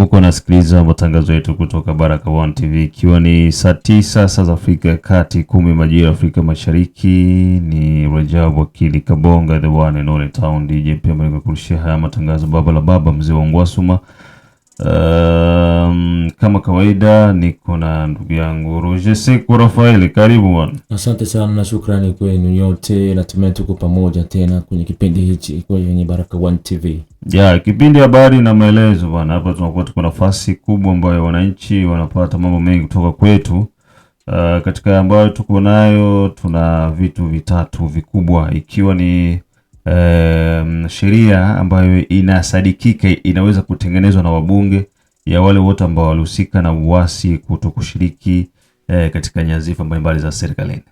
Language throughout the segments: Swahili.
Kumbuka unasikiliza matangazo yetu kutoka Baraka One TV, ikiwa ni saa tisa saa za Afrika ya Kati, kumi majira ya Afrika Mashariki. Ni Rajab Wakili Kabonga, the one and only town DJ, pia kurushia haya matangazo baba la baba, mzee wa Ngwasuma Um, kama kawaida niko na ndugu yangu Roger Seku Rafael, karibu bwana. Asante sana na shukrani kwenu nyote, natumai tuko pamoja tena kwenye kipindi hichi kwenye Baraka One TV ya kipindi habari na maelezo bwana. Hapa tunakuwa tuko nafasi kubwa ambayo wananchi wanapata mambo mengi kutoka kwetu. Uh, katika ambayo tuko nayo tuna vitu vitatu vikubwa ikiwa ni um, sheria ambayo inasadikika inaweza kutengenezwa na wabunge ya wale wote ambao walihusika na uasi kuto kushiriki eh, katika nyadhifa mbalimbali za serikalini.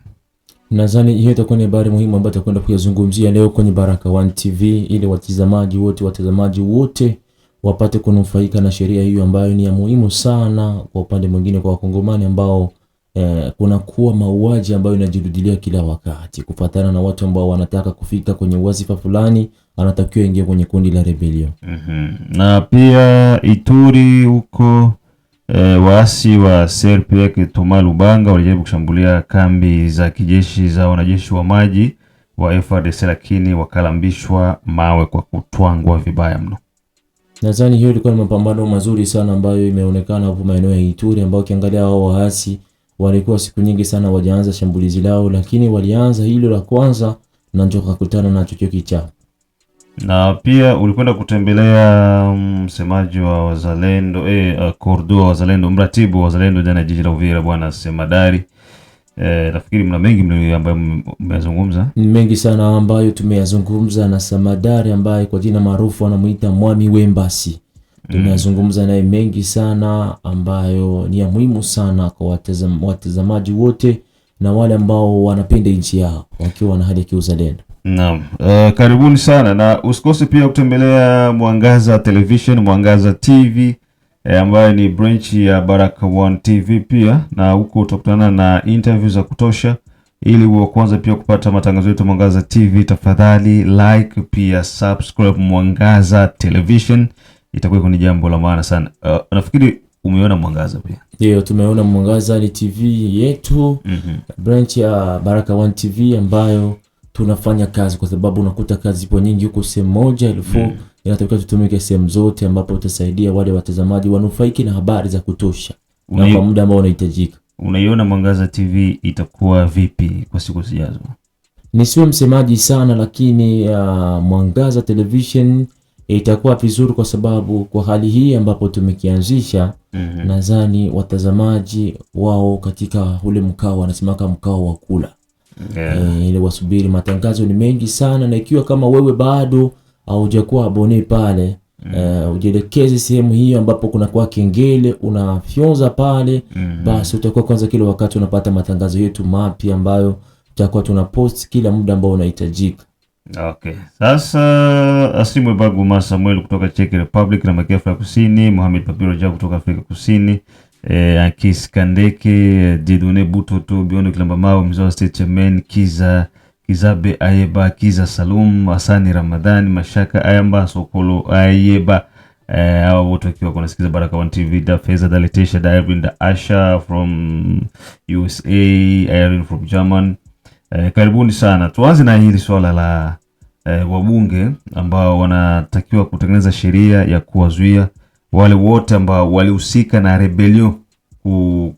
Nadhani hiyo itakuwa ni habari muhimu ambayo tutakwenda kuyazungumzia leo kwenye Baraka One TV ili watazamaji wote watazamaji wote wapate kunufaika na sheria hiyo ambayo ni ya muhimu sana kwa upande mwingine kwa wakongomani ambao eh, kunakuwa mauaji ambayo inajirudilia kila wakati, kufuatana na watu ambao wanataka kufika kwenye wazifa fulani, anatakiwa ingia kwenye kundi la rebellion. mm -hmm. Na pia Ituri huko E, waasi wa CRPK Toma Lubanga walijaribu kushambulia kambi za kijeshi za wanajeshi wa maji wa FARDC lakini wakalambishwa mawe kwa kutwangwa vibaya mno. Nadhani hiyo ilikuwa ni mapambano mazuri sana ambayo imeonekana hapo maeneo ya Ituri, ambao ukiangalia hao waasi walikuwa siku nyingi sana wajaanza shambulizi lao, lakini walianza hilo la kwanza na ndio kakutana na choki kicha. Na pia ulikwenda kutembelea mm, msemaji wa wazalendo eh, uh, Kordo wa wazalendo, mratibu wa wazalendo jana jiji la Uvira, bwana Semadari. Eh, nafikiri mna mengi ambayo mmeyazungumza, mengi sana ambayo tumeyazungumza na Samadari ambaye kwa jina maarufu anamuita Mwami Wembasi Tumeyazungumza naye mengi sana ambayo ni ya muhimu sana kwa watazamaji watazamaji wote na wale ambao wanapenda nchi yao wakiwa na hali ya kiuzalendo. Naam, uh, karibuni sana na usikose pia kutembelea Mwangaza Television, Mwangaza TV eh, ambayo ni branch ya Baraka One TV pia, na huko utakutana na interview za kutosha. Ili uwe kwanza pia kupata matangazo yetu Mwangaza TV, tafadhali like pia subscribe Mwangaza Television itakuwa ni jambo la maana sana. Uh, nafikiri umeona mwangaza pia. Ndio, tumeona mwangaza ni TV yetu mm -hmm. branch ya Baraka One TV ambayo tunafanya kazi, kwa sababu unakuta kazi ipo nyingi huko sehemu moja elfu mm. inatakiwa tutumike sehemu zote, ambapo utasaidia wale watazamaji wanufaiki na habari za kutosha Unai... na kwa muda ambao unahitajika. Unaiona Mwangaza TV itakuwa vipi kwa siku zijazo? Nisiwe msemaji sana lakini uh, Mwangaza Television itakuwa vizuri kwa sababu kwa hali hii ambapo tumekianzisha mm -hmm. Nadhani watazamaji wao katika ule mkao wanasimaka mkao wa kula yeah. E, ili wasubiri matangazo ni mengi sana, na ikiwa kama wewe bado haujakuwa abone pale mm -hmm. E, ujielekeze sehemu hiyo ambapo kunakuwa kengele unafyonza pale mm -hmm. Basi utakuwa kwanza kila wakati unapata matangazo yetu mapya ambayo tutakuwa post kila muda ambao unahitajika Okay. Sasa Asimwe Baguma Samuel kutoka Czech Republic na Makia Afrika Kusini, Mohamed Papiro Jabu kutoka Afrika Kusini, eh, Akis Kandeke, Didone Butoto, Biondo Kilamba Mao, Mzoa State Chairman, Kiza Kizabe Ayeba, Kiza Salum, Asani Ramadhani, Mashaka Ayamba, Sokolo Ayeba. Eh, hawa wote wakiwa kunasikiza Baraka One TV, da Feza, da Letesha, da Irene, da Asha from USA, Irene from German. Eh, karibuni sana. Tuanze na hili swala la e, wabunge ambao wanatakiwa kutengeneza sheria ya kuwazuia wale wote ambao walihusika na rebelio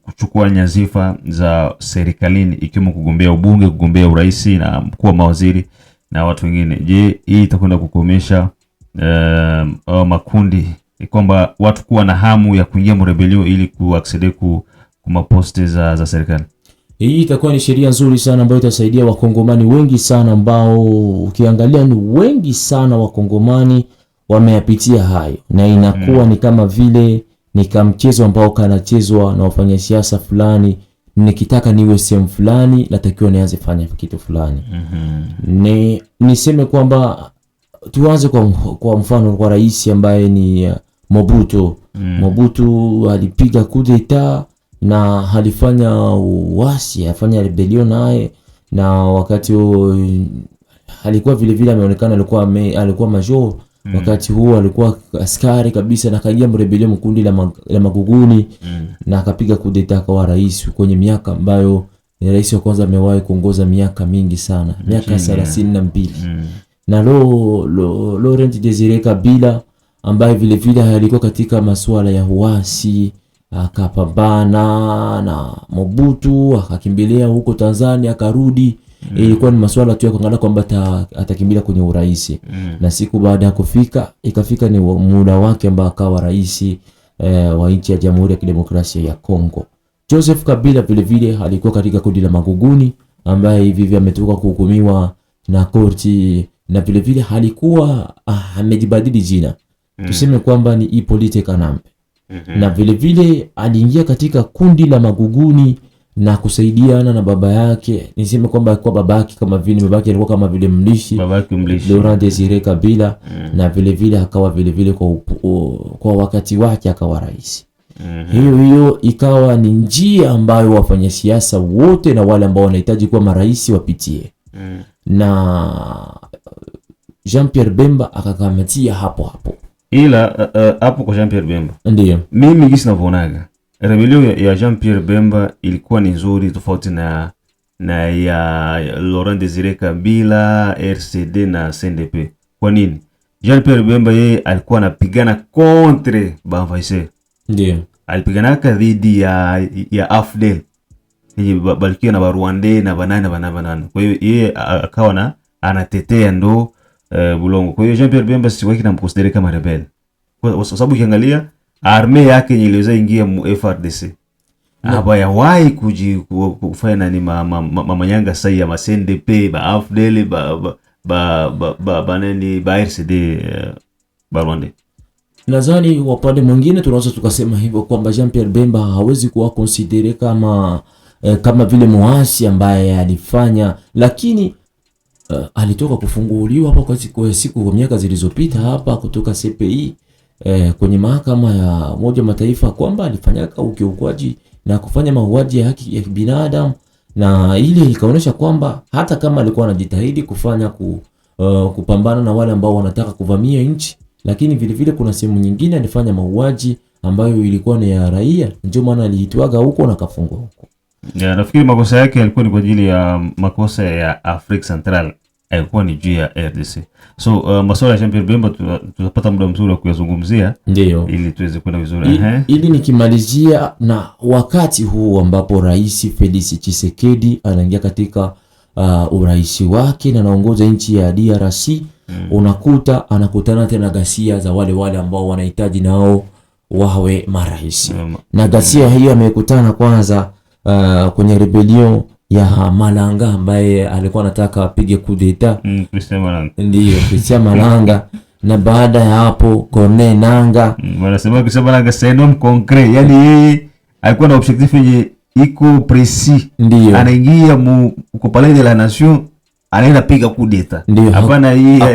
kuchukua nyazifa za serikalini ikiwemo kugombea ubunge, kugombea urais na mkuu wa mawaziri na watu wengine. Je, hii itakwenda kukomesha uh, makundi kwamba watu kuwa na hamu ya kuingia mrebelio ili kuaksede ku maposti za, za serikali? Hii itakuwa ni sheria nzuri sana ambayo itasaidia wakongomani wengi sana ambao ukiangalia ni wengi sana wakongomani wameyapitia hayo, na inakuwa mm. ni kama vile ni kamchezo ambao kanachezwa na siasa fulani. Nikitaka niwe sehemu fulani, natakiwa nianze fanya kitu fulani. Mm-hmm. Ni niseme kwamba tuanze kwa, kwa mfano kwa rais ambaye ni uh, Mobutu. Mm. Mobutu alipiga kudeta na alifanya uasi, afanya rebellion naye, na wakati huo alikuwa vile vile ameonekana alikuwa me, alikuwa major mm. wakati huo alikuwa askari kabisa, na kaingia mrebelio mkundi la, mag, la maguguni mm. na akapiga kudeta akawa rais kwenye miaka ambayo ni rais wa kwanza amewahi kuongoza miaka mingi sana miaka thelathini na mbili mm. na lo, lo, Laurent Desire Kabila ambaye vile vile alikuwa katika masuala ya uasi mm akapambana na Mobutu akakimbilia huko Tanzania akarudi. Mm. Ilikuwa ni masuala tu ya kuangalia kwamba atakimbilia kwenye urais. Mm. Na siku baada ya kufika ikafika ni muda wake ambao akawa rais eh, wa nchi ya Jamhuri ya Kidemokrasia ya Kongo. Joseph Kabila vilevile alikuwa katika kundi la maguguni ambaye hivi hivi ametoka kuhukumiwa na korti na vilevile alikuwa ah, amejibadili jina. Mm. Tuseme kwamba ni Hippolyte Kanambe. Mhm. na vile vile aliingia katika kundi la maguguni na kusaidiana na baba yake. Niseme kwamba alikuwa babake kama vile babake alikuwa kama vile mlishi, babake mlishi Laurent Desire Kabila mm. na vile vile akawa vile vile kwa, upu, o, kwa wakati wake akawa rais mm -hmm. hiyo hiyo ikawa ni njia ambayo wafanya siasa wote na wale ambao wanahitaji kuwa marais wapitie mm. na Jean Pierre Bemba akakamatia hapo hapo. mm ila eh, eh, hapo uh, uh, kwa Jean Pierre Bemba ndio mimi gisi navyonaga rebelio ya, ya Jean Pierre Bemba ilikuwa ni nzuri tofauti na na ya Laurent Desire Kabila, RCD na CNDP. Kwa nini? Jean Pierre Bemba yeye alikuwa anapigana contre baenvahisseur. Ndio. Alipiganaka dhidi ya ya AFDEL. Yeye balikia na Barwande na banana banana banana. Kwa hiyo yeye akawa na anatetea ndo Eh, Bulongo. Kwa hiyo Jean Pierre Bemba si wake namconsidere kama rebel. Kwa sababu ukiangalia armee yake yenye iliweza ingia mu FRDC. Hapa ya wahi kuji kufanya nani mama ma, ma, ma, yanga sai ya masende pe ba afdele ba ba ba ba, ba, nani ba RCD eh, ba Rwanda. Nadhani wapande mwingine tunaweza tukasema hivyo kwamba Jean Pierre Bemba hawezi kuwa konsidere kama eh, kama vile muasi ambaye alifanya, lakini uh, alitoka kufunguliwa hapa kwa eh, siku kwa miaka zilizopita hapa kutoka CPI e, eh, kwenye mahakama ya Umoja Mataifa kwamba alifanyaka ukiukwaji na kufanya mauaji ya haki ya binadamu, na ile ikaonyesha kwamba hata kama alikuwa anajitahidi kufanya ku, uh, kupambana na wale ambao wanataka kuvamia nchi, lakini vile vile kuna sehemu nyingine alifanya mauaji ambayo ilikuwa ni ya raia, ndio maana aliitwaga huko na kafungwa huko. Yeah, nafikiri makosa yake yalikuwa ni kwa ajili ya makosa ya Afrika Central haikuwa ni juu ya RDC. So uh, masuala ya Champions Bemba tutapata muda mzuri wa kuyazungumzia, ndio ili tuweze kwenda vizuri I, ili nikimalizia na wakati huu ambapo Rais Felix Tshisekedi anaingia katika uh, urais wake na anaongoza nchi ya DRC hmm, Unakuta anakutana tena ghasia za wale wale ambao wanahitaji nao wawe marais hmm, na ghasia hmm, hiyo amekutana kwanza uh, kwenye rebellion ya Malanga ambaye alikuwa anataka apige kudeta mm, ndiyo Christian Malanga na baada ya hapo kone nanga mm, wanasema Christian Malanga c'est un homme concret, yani yeye alikuwa na objectif yenye iko presi, ndio anaingia mu ko de la nation anaenda piga kudeta. ndio Hapana, hapana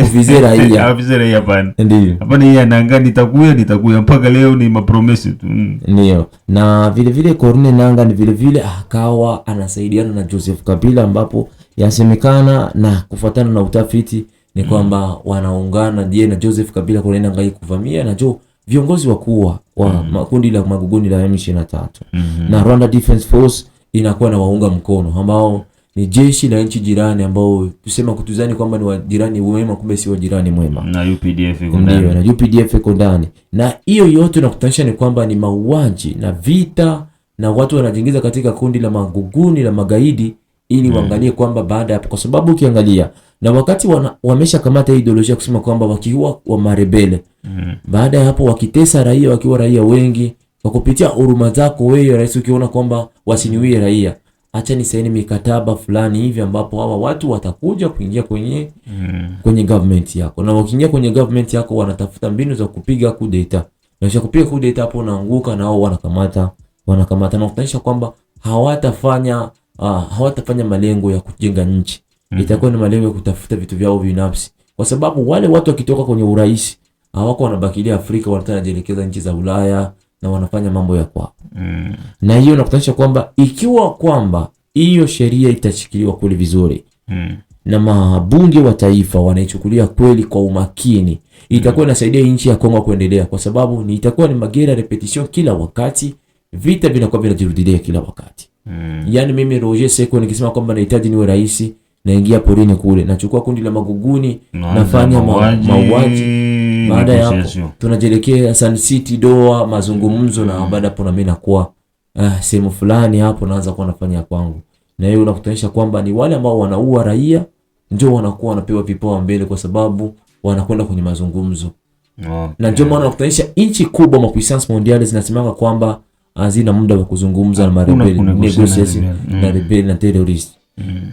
hapana ndio hii anaangaa nitakuya nitakuya mpaka leo ni mapromesi tu. Mm. Ndio. Na vile vile Corne Nanga ni vile vile akawa anasaidiana na Joseph Kabila ambapo yasemekana na kufuatana na utafiti ni mm. kwamba wanaungana yeye na Joseph Kabila Corne Nanga kuvamia na jo viongozi wakuu wa mm. makundi la maguguni la M23. Mm-hmm. Na Rwanda Defense Force inakuwa na waunga mkono ambao ni jeshi la nchi jirani ambao tusema kutuzani kwamba ni wajirani wema, kumbe si wajirani mwema, na UPDF iko ndani, na UPDF iko ndani. Na hiyo yote nakutanisha ni kwamba ni mauaji na vita, na watu wanajiingiza katika kundi la maguguni la magaidi ili yeah, mm. waangalie kwamba baada ya, kwa sababu ukiangalia na wakati wana, wameshakamata hii ideolojia kusema kwamba wakiua wa marebele mm, baada ya hapo wakitesa raia, wakiwa raia wengi kwa kupitia huruma zako wewe rais, ukiona kwamba wasiniwie raia acha ni saini mikataba fulani hivi ambapo hawa watu watakuja kuingia kwenye mm. kwenye government yako, na wakiingia kwenye government yako wanatafuta mbinu za kupiga kudeta, na kisha kupiga kudeta hapo unaanguka, na wao wanakamata wanakamata na kutanisha kwamba hawatafanya uh, hawatafanya malengo ya kujenga nchi mm Itakuwa ni malengo ya kutafuta vitu vyao binafsi, kwa sababu wale watu wakitoka kwenye urais hawako wanabakilia Afrika, wanataka kujielekeza nchi za Ulaya na wanafanya mambo ya kwao mm. na hiyo nakutanisha kwamba ikiwa kwamba hiyo sheria itashikiliwa kweli vizuri mm. na mabunge wa taifa wanaichukulia kweli kwa umakini, itakuwa mm. inasaidia mm. nchi ya Kongo kuendelea, kwa sababu ni itakuwa ni magera repetition kila wakati, vita vinakuwa vinajirudia kila wakati mm. Yani mimi Roger Seko nikisema kwamba nahitaji niwe rais, naingia porini kule, nachukua kundi la maguguni, nafanya mauaji baada ya hapo tunajielekea Sun City Doha, mazungumzo mm. na baada hapo na mimi nakuwa ah, sehemu fulani hapo naanza kuwa nafanya kwangu, na hiyo unakutanisha kwamba ni wale ambao wanaua raia ndio wanakuwa wanapewa vipao mbele kwa sababu wanakwenda kwenye mazungumzo okay. na ndio maana unakutanisha nchi kubwa mapuissance mondiale zinasemanga kwamba ah, hazina muda wa kuzungumza na marebeli negotiation na mm. rebeli na terrorist mm.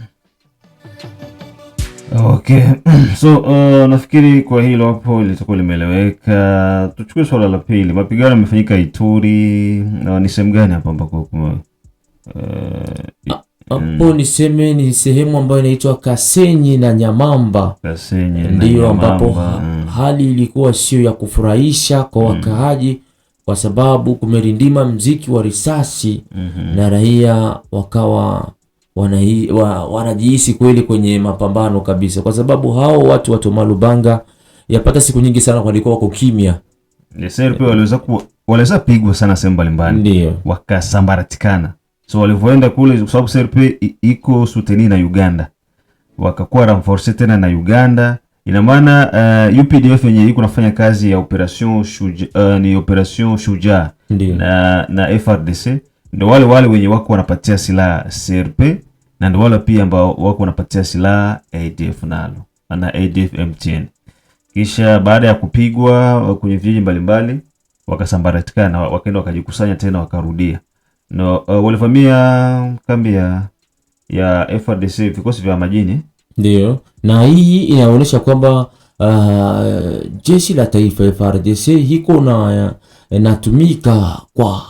Okay. So uh, nafikiri kwa hilo hapo litakuwa limeeleweka. Tuchukue swala la pili. Mapigano yamefanyika Ituri. Uh, ni sehemu gani hapo ambako uh, hapo ah, ah, mm. niseme ni sehemu ambayo inaitwa Kasenyi na Nyamamba, ndiyo ambapo mm. hali ilikuwa sio ya kufurahisha kwa mm. wakaaji mm. kwa sababu kumerindima mziki wa risasi mm -hmm. na raia wakawa wanajihisi wa, kweli kwenye mapambano kabisa, kwa sababu hao watu wa Tomalubanga yapata siku nyingi sana walikuwa wako kimya. Waliweza waliweza pigwa sana sehemu mbalimbali, ndio wakasambaratikana. So walivyoenda kule, kwa sababu SRP iko suteni na Uganda, wakakuwa renforce tena na Uganda. Ina maana uh, UPDF yenye iko nafanya kazi ya operation shuja, uh, ni operation shujaa na, na FRDC ndo wale wale wenye wako wanapatia silaha CRP na ndio wale pia ambao wako wanapatia silaha ADF nalo na ADF M10. Kisha baada ya kupigwa kwenye vijiji mbalimbali wakasambaratikana, wakaenda wakajikusanya tena wakarudia no, uh, walivamia kambi ya ya FRDC vikosi vya majini ndio, na hii inaonyesha kwamba uh, jeshi la taifa FRDC hiko na eh, inatumika kwa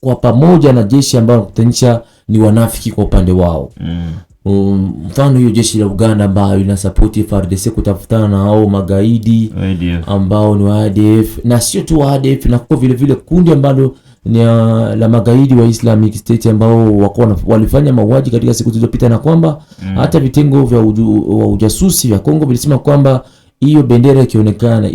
kwa pamoja na jeshi ambalo nakutanisha ni wanafiki kwa upande wao mm. Um, mfano hiyo jeshi la Uganda ambayo inasapoti FARDC kutafutana na hao magaidi ADF, ambao ni wa ADF na sio tu wa ADF, na kwa vile vile kundi ambalo ni uh, la magaidi wa Islamic State ambao wako walifanya mauaji katika siku zilizopita, na kwamba mm. hata vitengo vya uju, wa ujasusi vya Kongo vilisema kwamba hiyo bendera ikionekana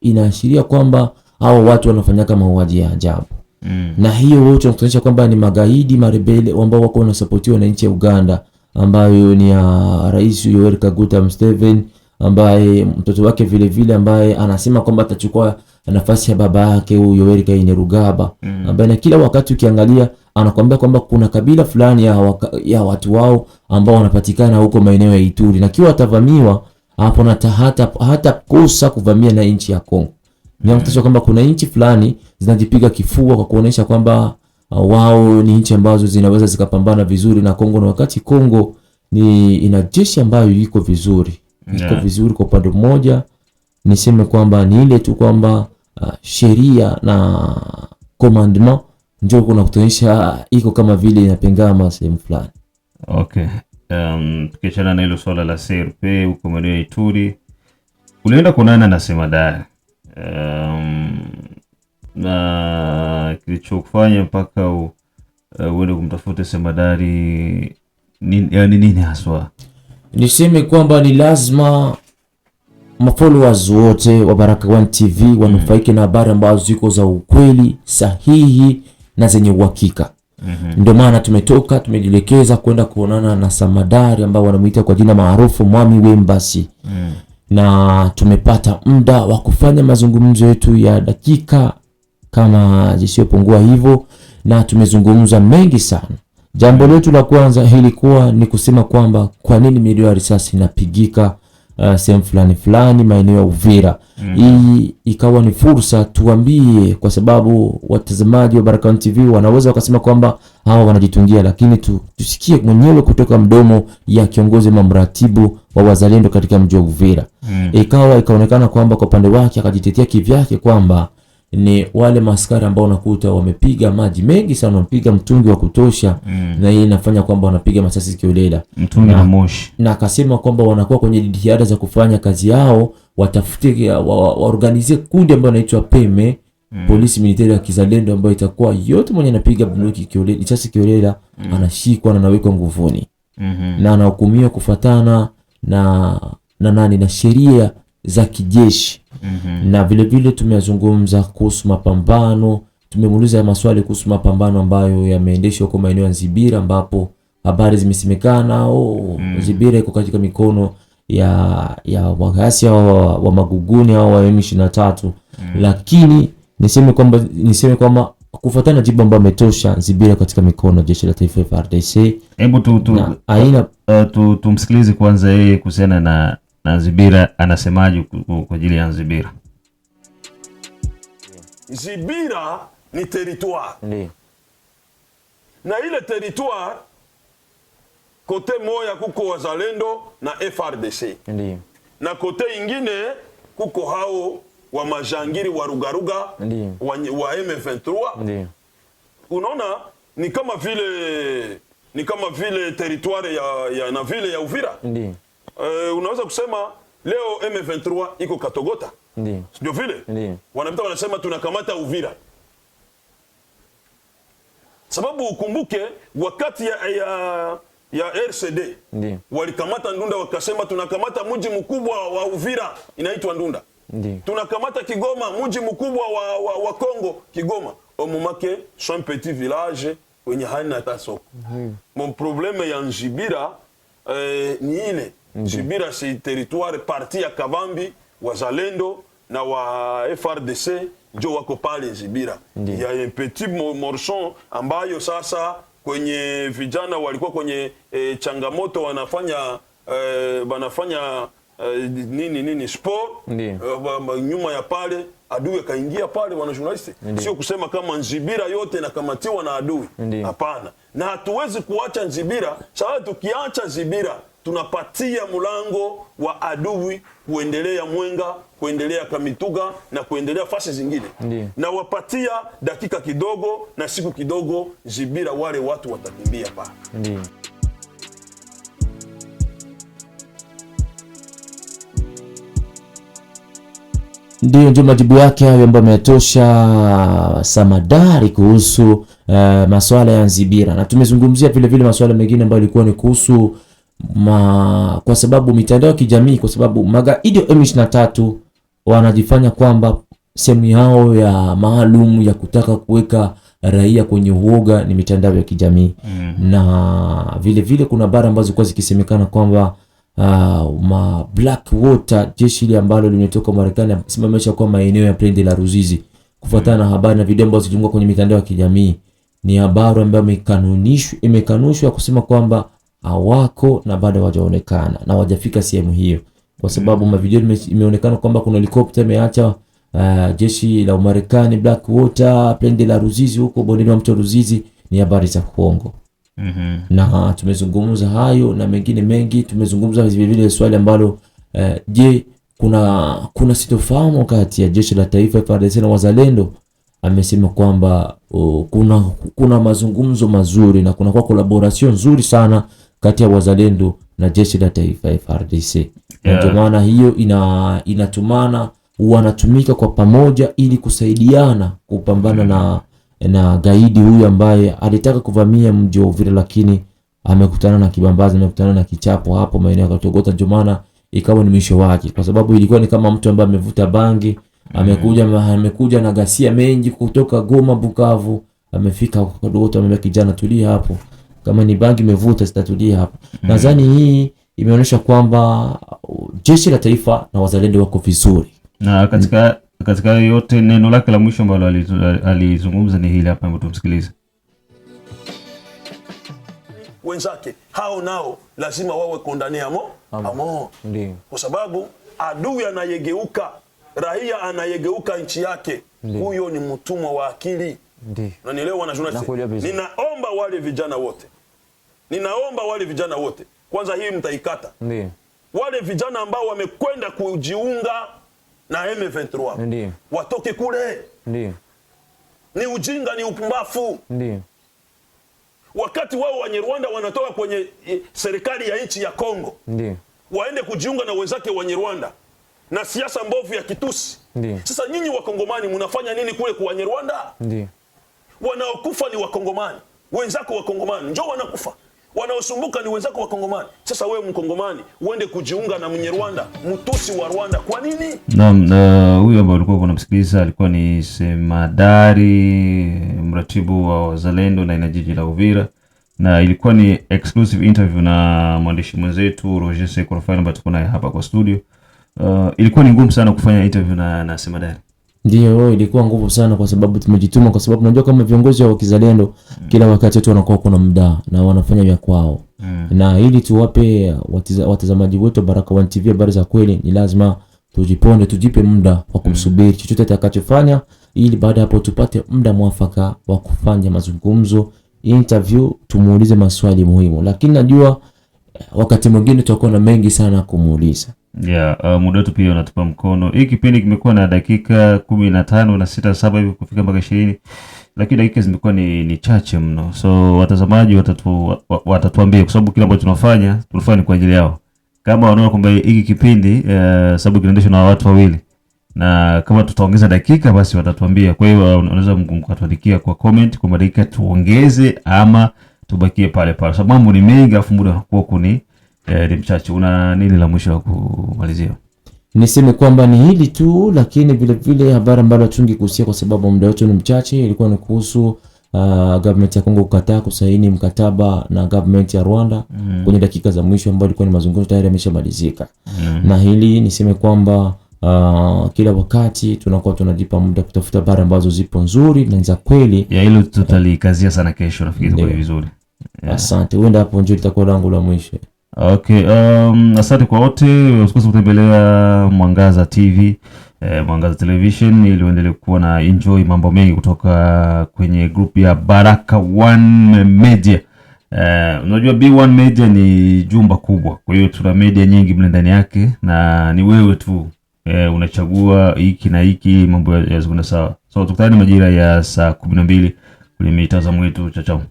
inaashiria ina kwamba hao watu wanafanyaka mauaji ya ajabu mm. na hiyo wote wanatuonyesha kwamba ni magaidi marebele ambao wako wanasapotiwa na nchi ya Uganda ambayo ni ya Rais Yoweri Kaguta Museveni ambaye mtoto wake vile vile ambaye anasema kwamba atachukua nafasi ya baba yake huyo Yoweri Kainerugaba mm. ambaye na kila wakati ukiangalia anakuambia kwamba kuna kabila fulani ya, waka, ya watu wao ambao wanapatikana huko maeneo ya Ituri na kiwa atavamiwa hapo na hata hata kosa kuvamia na nchi ya Kongo Niakutosha kwamba kuna nchi fulani zinajipiga kifua kwa kuonesha kwamba uh, wao ni nchi ambazo zinaweza zikapambana vizuri na Kongo na wakati Kongo ni ina jeshi ambayo iko vizuri iko yeah, vizuri kwa upande mmoja. Niseme kwamba ni ile tu kwamba uh, sheria na commandement ndio kuna kutoesha uh, iko kama vile inapengama sehemu fulani. Okay. Um, tukiachana na hilo swala la CRP huko maeneo ya Ituri ulienda kuonana na Semadari um, na kilichokufanya mpaka eh, uende uh, kumtafuta Semadari nin, yani nini haswa? Niseme kwamba ni lazima mafollowers wote wa Baraka One TV hmm. wanufaike mm -hmm. na habari ambazo ziko za ukweli sahihi na zenye uhakika mm -hmm. Ndio maana tumetoka tumejielekeza kwenda kuonana na Samadari ambao wanamuita kwa jina maarufu Mwami Wembasi mm -hmm na tumepata muda wa kufanya mazungumzo yetu ya dakika kama zisiyopungua hivyo, na tumezungumza mengi sana. Jambo letu la kwanza ilikuwa ni kusema kwamba kwa nini milio ya risasi inapigika uh, sehemu fulani fulani maeneo ya Uvira. mm -hmm. Hii ikawa ni fursa, tuambie, kwa sababu watazamaji wa baraka TV wanaweza wakasema kwamba hawa wanajitungia, lakini tu, tusikie mwenyewe kutoka mdomo ya kiongozi mamratibu wa wazalendo katika mji wa Uvira. mm -hmm. Ikawa ikaonekana kwamba kwa upande wake akajitetea kivyake kwamba ni wale maskari ambao unakuta wamepiga maji mengi sana, wamepiga mtungi wa kutosha mm. na hii inafanya kwamba wanapiga masasi kiolela mtungi na moshi, na akasema kwamba wanakuwa kwenye jitihada za kufanya kazi yao, watafute waorganizie wa, wa kundi ambayo inaitwa Peme mm. polisi militari ya kizalendo ambayo itakuwa yote mwenye anapiga mm. bunduki kiolela, risasi kiolela mm. anashikwa na anawekwa nguvuni mm -hmm. na anahukumiwa kufatana na na nani na sheria za kijeshi -hmm. na vilevile tumeyazungumza kuhusu mapambano, tumemuuliza maswali kuhusu mapambano ambayo yameendeshwa huko maeneo ya Nzibira ambapo habari zimesemekana au oh, mm. Nzibira iko katika mikono ya ya waasi wa, wa maguguni au wa M23 mm. Lakini niseme kwamba niseme kwamba kufuatana jibu ambayo ametosha Nzibira katika mikono ya jeshi la taifa FARDC. Hebu tu, tu, aina eh, tu tumsikilize kwanza yeye kuhusiana na na Zibira anasemaje kwa ajili ya Zibira? Zibira ni territoire na ile territoire kote moya kuko wazalendo na FRDC Ndi. na kote ingine kuko hao wa majangiri wa rugaruga wa, wa M23 Unaona ni kama vile ni kama vile territoire ya, ya na vile ya Uvira Ndi uh, unaweza kusema leo M23 iko Katogota, ndio vile wanapita wanasema tunakamata Uvira, sababu ukumbuke wakati ya, ya ya RCD Ndi. walikamata Ndunda wakasema tunakamata mji mkubwa wa Uvira inaitwa Ndunda Ndi. tunakamata Kigoma mji mkubwa wa, wa, wa Kongo Kigoma omumake son petit village wenye hana hata soko mon probleme ya Njibira eh, ni ile Chibira si territoire parti ya Kavambi, wazalendo na wa FRDC njo wako pale Zibira. Ya un petit morson ambayo sasa kwenye vijana walikuwa kwenye e, changamoto wanafanya e, wanafanya e, nini nini sport e, nyuma ya pale adui akaingia pale, wana journalisti, sio kusema kama Nzibira yote inakamatiwa na adui, hapana. Na hatuwezi kuacha Nzibira, sababu tukiacha Zibira tunapatia mlango wa adui kuendelea Mwenga, kuendelea Kamituga na kuendelea fasi zingine Ndi. na wapatia dakika kidogo na siku kidogo zibira, wale watu watakimbia pa ndio Ndiyo, ndio majibu yake hayo ambayo ametosha Samadari kuhusu uh, eh, masuala ya Nzibira, na tumezungumzia vile vile masuala mengine ambayo ilikuwa ni kuhusu ma, kwa sababu mitandao ya kijamii, kwa sababu magaidi wa M23 wanajifanya kwamba sehemu yao ya maalum ya kutaka kuweka raia kwenye uoga ni mitandao ya kijamii mm -hmm. na vile vile kuna habari ambazo zilikuwa zikisemekana kwamba uh, ma Black Water jeshi ile ambalo limetoka Marekani simamesha kwa maeneo ya Plaine de la Ruzizi kufuatana mm -hmm. na habari na video ambazo zilizungua kwenye mitandao ya kijamii ni habari ambayo imekanunishwa imekanushwa kusema kwamba hawako na bado hawajaonekana na hawajafika sehemu hiyo, kwa sababu mm. mavideo imeonekana kwamba kuna helikopta imeacha uh, jeshi la Marekani Blackwater, pende la Ruzizi huko bondeni wa mto Ruzizi. Ni habari za kuongo. Mm -hmm. Na tumezungumza hayo na mengine mengi. Tumezungumza vile vile swali ambalo uh, je, kuna kuna sitofahamu kati ya jeshi la taifa FARDC na wazalendo. Amesema kwamba uh, kuna kuna mazungumzo mazuri na kuna kwa collaboration nzuri sana kati ya wazalendo na jeshi la taifa FRDC. yeah. ndio maana hiyo ina, inatumana wanatumika kwa pamoja ili kusaidiana kupambana na, na gaidi huyu ambaye alitaka kuvamia mji wa Uvira, lakini amekutana na kibambazi, amekutana na kichapo hapo maeneo ya Katogota. Ndio maana ikawa ni mwisho wake, kwa sababu ilikuwa ni kama mtu ambaye amevuta bangi mm. amekuja, amekuja na ghasia mengi kutoka Goma, Bukavu, amefika Katogota, amebaki jana tulia hapo kama ni bangi imevuta zitatulia hapa. Mm. Nadhani hii imeonyesha kwamba uh, jeshi la taifa na wazalendo wako vizuri. Na katika katika yote neno lake la mwisho ambalo alizungumza ni hili hapa, tumsikilize. Wenzake hao nao lazima wawe kondani amo amo, ndio kwa sababu adui anayegeuka raia anayegeuka nchi yake, huyo ni mtumwa wa akili. Ndio, unanielewa na Ninaomba wale vijana wote ninaomba wale vijana wote kwanza, hii mtaikata. Ndiyo. wale vijana ambao wamekwenda kujiunga na M23 Ndiyo. watoke kule. Ndiyo. ni ujinga, ni upumbafu. Ndiyo. wakati wao Wanyarwanda wanatoka kwenye serikali ya nchi ya Kongo Ndiyo. waende kujiunga na wenzake Wanyarwanda na siasa mbovu ya kitusi. Ndiyo. Sasa nyinyi Wakongomani mnafanya nini kule kwa Wanyarwanda? Ndiyo. Wanaokufa ni Wakongomani, wenzako Wakongomani njoo wanakufa wanaosumbuka ni wenzako wa Kongomani. Sasa wewe Mkongomani uende kujiunga na Mnyarwanda, mtusi wa Rwanda, kwa nini? Naam, huyo ambaye alikuwa kunamsikiliza alikuwa ni semadari mratibu wa Wazalendo na ina jiji la Uvira, na ilikuwa ni exclusive interview na mwandishi mwenzetu Roger Sekorofani ambaye tuko naye hapa kwa studio. Uh, ilikuwa ni ngumu sana kufanya interview na, na semadari ndio, oh, ilikuwa nguvu sana kwa sababu tumejituma, kwa sababu unajua kama viongozi wa kizalendo mm. kila wakati wetu wanakuwa kuna muda na wanafanya vya kwao mm. na ili tuwape uh, watazamaji wetu Baraka One TV habari za kweli, ni lazima tujiponde, tujipe muda wa kumsubiri mm. chochote atakachofanya, ili baada hapo tupate muda mwafaka wa kufanya mazungumzo, interview, tumuulize maswali muhimu, lakini najua uh, wakati mwingine tutakuwa na mengi sana kumuuliza. Yeah, uh, muda wetu pia unatupa mkono. Hii kipindi kimekuwa na dakika kumi na tano na sita saba hivi kufika mpaka ishirini, lakini dakika zimekuwa ni, ni chache mno, so watazamaji watatu, watatuambia kwa sababu kile ambacho tunafanya tunafanya ni kwa ajili yao. Kama wanaona kwamba hiki kipindi uh, sababu kinaendeshwa na watu wawili na kama tutaongeza dakika basi watatuambia. Kwa hiyo uh, unaweza mkatuandikia kwa comment kwamba dakika tuongeze ama tubakie pale pale, sababu mambo ni mengi afu muda unakuwa kuni eh, Limchachu, una nini la mwisho la kumalizia? Niseme kwamba ni hili tu, lakini vilevile habari ambayo hatungi kuhusia kwa sababu muda wetu ni mchache, ilikuwa ni kuhusu Uh, government ya Kongo kukataa kusaini mkataba na government ya Rwanda mm. kwenye dakika za mwisho ambayo ilikuwa ni mazungumzo tayari yameshamalizika mm. na hili niseme kwamba uh, kila wakati tunakuwa tunajipa muda kutafuta habari ambazo zipo nzuri na za kweli ya hilo tutalikazia sana kesho, nafikiri kwa vizuri yeah. Asante, huenda hapo ndio litakuwa langu la mwisho. Okay, um, asante kwa wote. Usikose kutembelea Mwangaza TV eh, Mwangaza Television ili uendelee kuwa na enjoy mambo mengi kutoka kwenye group ya Baraka One Media. Eh, unajua B1 Media ni jumba kubwa, kwa hiyo tuna media nyingi mle ndani yake na ni wewe tu eh, unachagua hiki na hiki, mambo yazikuna sawa. So tukutane majira ya saa kumi na mbili kwenye mitazamo yetu. Chao chao.